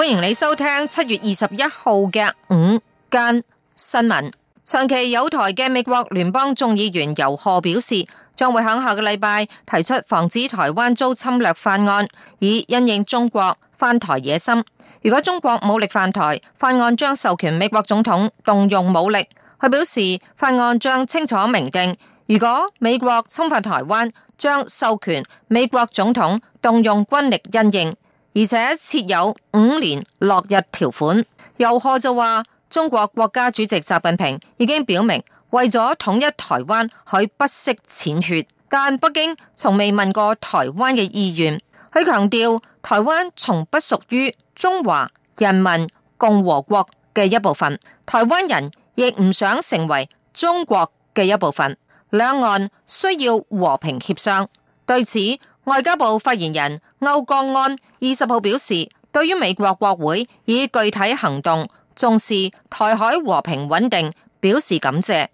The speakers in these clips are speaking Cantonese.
歡迎你收聽七月二十一號嘅午間新聞。長期友台嘅美國聯邦眾議員游賀表示，將會喺下個禮拜提出防止台灣遭侵略法案，以因應中國犯台野心。如果中國武力犯台，法案將授權美國總統動用武力。佢表示，法案將清楚明定，如果美國侵犯台灣，將授權美國總統動用軍力因應。而且設有五年落日條款。尤可就話，中國國家主席習近平已經表明，為咗統一台灣佢不惜濺血，但北京從未問過台灣嘅意願，佢強調台灣從不屬於中華人民共和國嘅一部分，台灣人亦唔想成為中國嘅一部分。兩岸需要和平協商。對此，外交部發言人歐江安二十號表示，對於美國國會以具體行動重視台海和平穩定，表示感謝。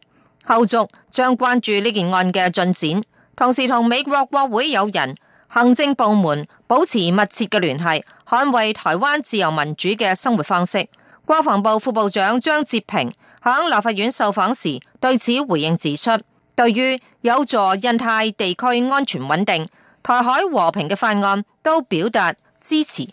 後續將關注呢件案嘅進展，同時同美國國會友人、行政部門保持密切嘅聯繫，捍衛台灣自由民主嘅生活方式。國防部副部長張哲平響立法院受訪時對此回應指出，對於有助印太地區安全穩定。台海和平嘅法案都表達支持。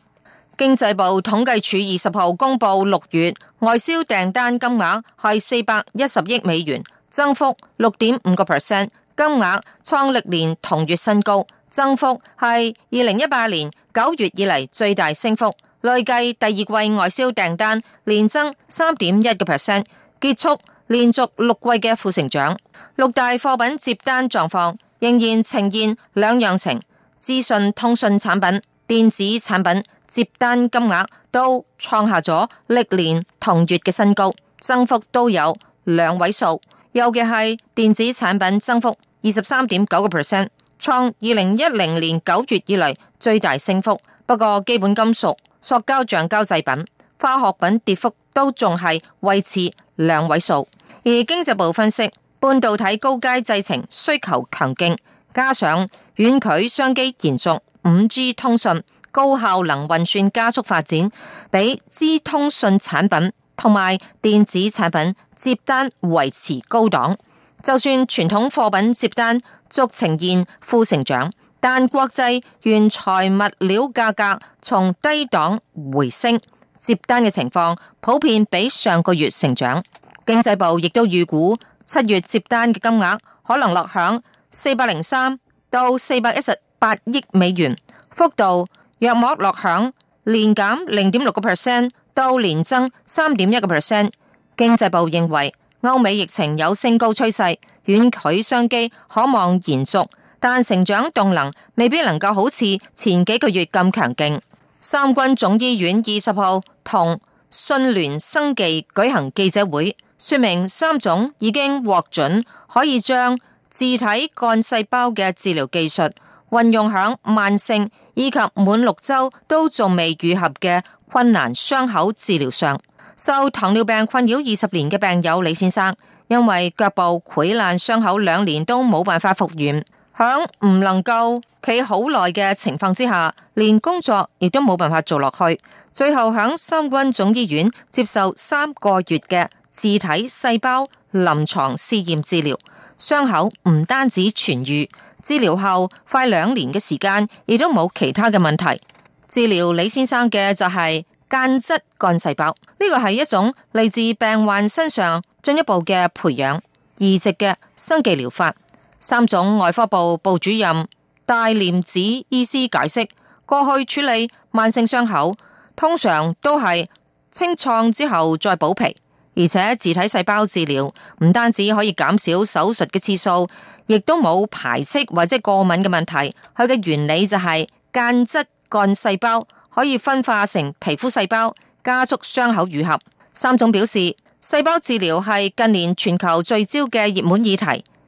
經濟部統計處二十號公布六月外銷訂單金額係四百一十億美元，增幅六點五個 percent，金額創歷年同月新高，增幅係二零一八年九月以嚟，最大升幅。累計第二季外銷訂單年增三點一個 percent，結束連續六季嘅負成長。六大貨品接單狀況。仍然呈現兩樣情，資訊通訊產品、電子產品接單金額都創下咗歷年同月嘅新高，增幅都有兩位數。尤其係電子產品增幅二十三點九個 percent，創二零一零年九月以嚟，最大升幅。不過基本金屬、塑膠橡膠製品、化學品跌幅都仲係維持兩位數。而經濟部分析。半導體高階製程需求強勁，加上遠距商機延續，五 G 通訊高效能運算加速發展，比資通訊產品同埋電子產品接單維持高檔。就算傳統貨品接單逐呈現負成長，但國際原材物料價格從低檔回升，接單嘅情況普遍比上個月成長。經濟部亦都預估。七月接單嘅金額可能落響四百零三到四百一十八億美元，幅度約莫落響，年減零點六個 percent 到年增三點一個 percent。經濟部認為歐美疫情有升高趨勢，遠距商機可望延續，但成長動能未必能夠好似前幾個月咁強勁。三軍總醫院二十號同信聯生技舉行記者會。說明三種已經獲准可以將自體幹細胞嘅治療技術運用響慢性以及滿六周都仲未愈合嘅困難傷口治療上。受糖尿病困擾二十年嘅病友李先生，因為腳部潰爛傷口兩年都冇辦法復原，響唔能夠企好耐嘅情況之下，連工作亦都冇辦法做落去，最後響三軍總醫院接受三個月嘅。自體細胞臨床試驗治療傷口，唔單止痊癒，治療後快兩年嘅時間，亦都冇其他嘅問題。治療李先生嘅就係間質幹細胞，呢個係一種嚟自病患身上進一步嘅培養移植嘅生技療法。三種外科部部主任大蓮子醫師解釋，過去處理慢性傷口通常都係清創之後再補皮。而且自體細胞治療唔單止可以減少手術嘅次數，亦都冇排斥或者過敏嘅問題。佢嘅原理就係間質幹細胞可以分化成皮膚細胞，加速傷口愈合。三種表示，細胞治療係近年全球聚焦嘅熱門議題，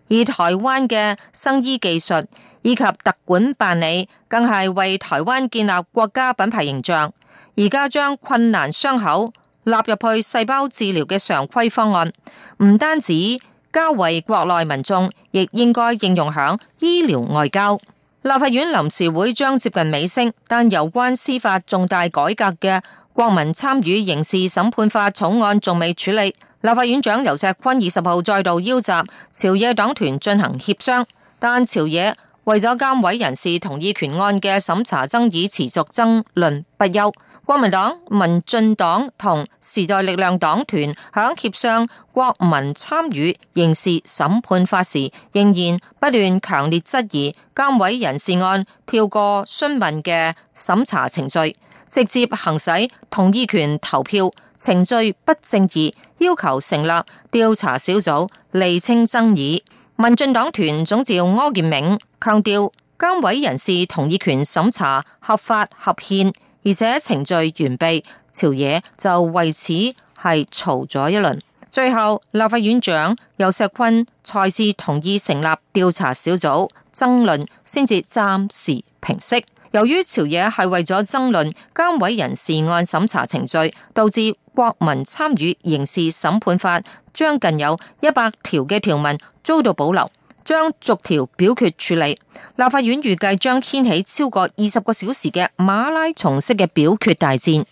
而台灣嘅生醫技術以及特管辦理，更係為台灣建立國家品牌形象。而家將困難傷口，納入去細胞治療嘅常規方案，唔單止嘉惠國內民眾，亦應該應用響醫療外交。立法院臨時會將接近尾聲，但有關司法重大改革嘅國民參與刑事審判法草案仲未處理。立法院長游錫堃二十號再度邀集朝野黨團進行協商，但朝野為咗監委人事同意權案嘅審查爭議持續爭論不休。國民黨、民進黨同時代力量黨團響協商國民參與刑事審判法時，仍然不斷強烈質疑監委人事案跳過詢問嘅審查程序，直接行使同意權投票，程序不正義，要求成立調查小組釐清爭議。民進黨團總召柯建銘強調，監委人事同意權審查合法合憲。而且程序完備，朝野就為此係嘈咗一輪，最後立法院長游錫堃裁示同意成立調查小組，爭論先至暫時平息。由於朝野係為咗爭論，監委人事案審查程序導致《國民參與刑事審判法》將近有一百條嘅條文遭到保留。將逐條表決處理。立法院預計將掀起超過二十個小時嘅馬拉松式嘅表決大戰。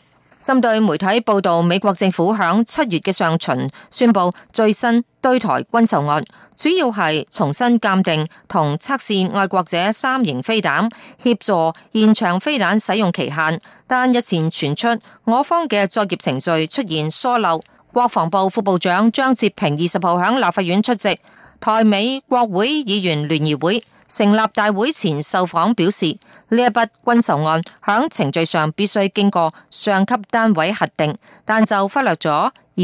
針對媒體報道，美國政府響七月嘅上旬宣布最新對台軍售案，主要係重新鑑定同測試愛國者三型飛彈，協助延長飛彈使用期限。但日前傳出我方嘅作業程序出現疏漏，國防部副部長張哲平二十號響立法院出席。台美國會議員聯誼會成立大會前受訪表示，呢一筆軍售案響程序上必須經過上級單位核定，但就忽略咗而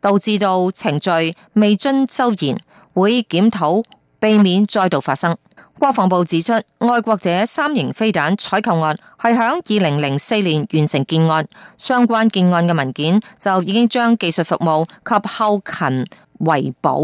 導致到程序未盡周延，會檢討，避免再度發生。國防部指出，愛國者三型飛彈採購案係響二零零四年完成建案，相關建案嘅文件就已經將技術服務及後勤維保。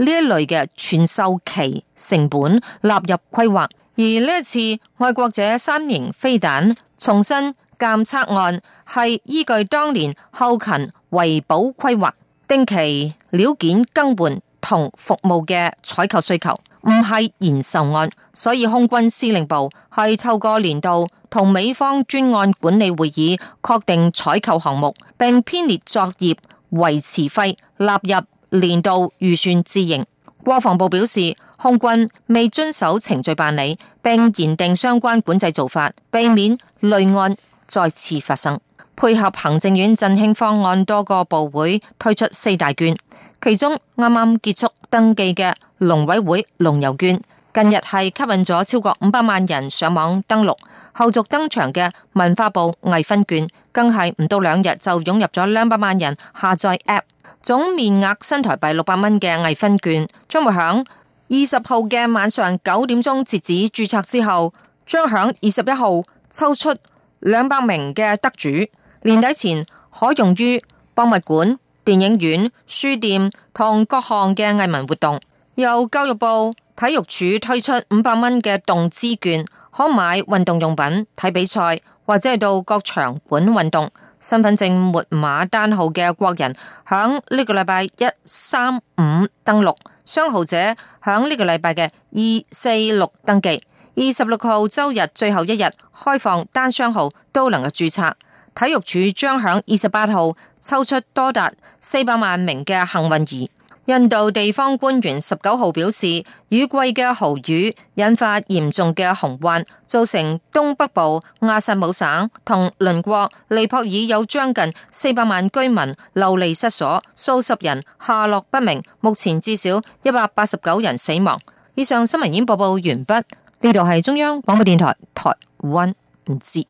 呢一類嘅全壽期成本納入規劃，而呢一次愛國者三型飛彈重新鑑測案係依據當年後勤維保規劃定期料件更換同服務嘅採購需求，唔係延壽案，所以空軍司令部係透過年度同美方專案管理會議確定採購項目，並編列作業維持費納入，年度預算自認，國防部表示空軍未遵守程序辦理，並嚴定相關管制做法，避免類案再次發生。配合行政院振興方案，多個部會推出四大券，其中啱啱結束登記嘅農委會農遊券。近日係吸引咗超過五百萬人上網登錄，後續登場嘅文化部藝分券更係唔到兩日就湧入咗兩百萬人下載 app。總面額新台幣六百蚊嘅藝分券將會響二十號嘅晚上九點鐘截止註冊之後，將響二十一號抽出兩百名嘅得主，年底前可用於博物館、電影院、書店同各項嘅藝文活動。由教育部。體育署推出五百蚊嘅動資券，可買運動用品、睇比賽或者到各場館運動。身份證沒碼單號嘅國人 1, 3，響呢個禮拜一、三、五登錄，雙號者，響呢個禮拜嘅二、四、六登記。二十六號周日最後一日開放單雙號都能夠註冊。體育署將響二十八號抽出多達四百萬名嘅幸運兒。印度地方官員十九號表示，雨季嘅豪雨引發嚴重嘅洪患，造成東北部阿薩姆省同鄰國尼泊爾有將近四百萬居民流離失所，數十人下落不明，目前至少一百八十九人死亡。以上新聞演播報，報完畢，呢度係中央廣播電台台灣五節。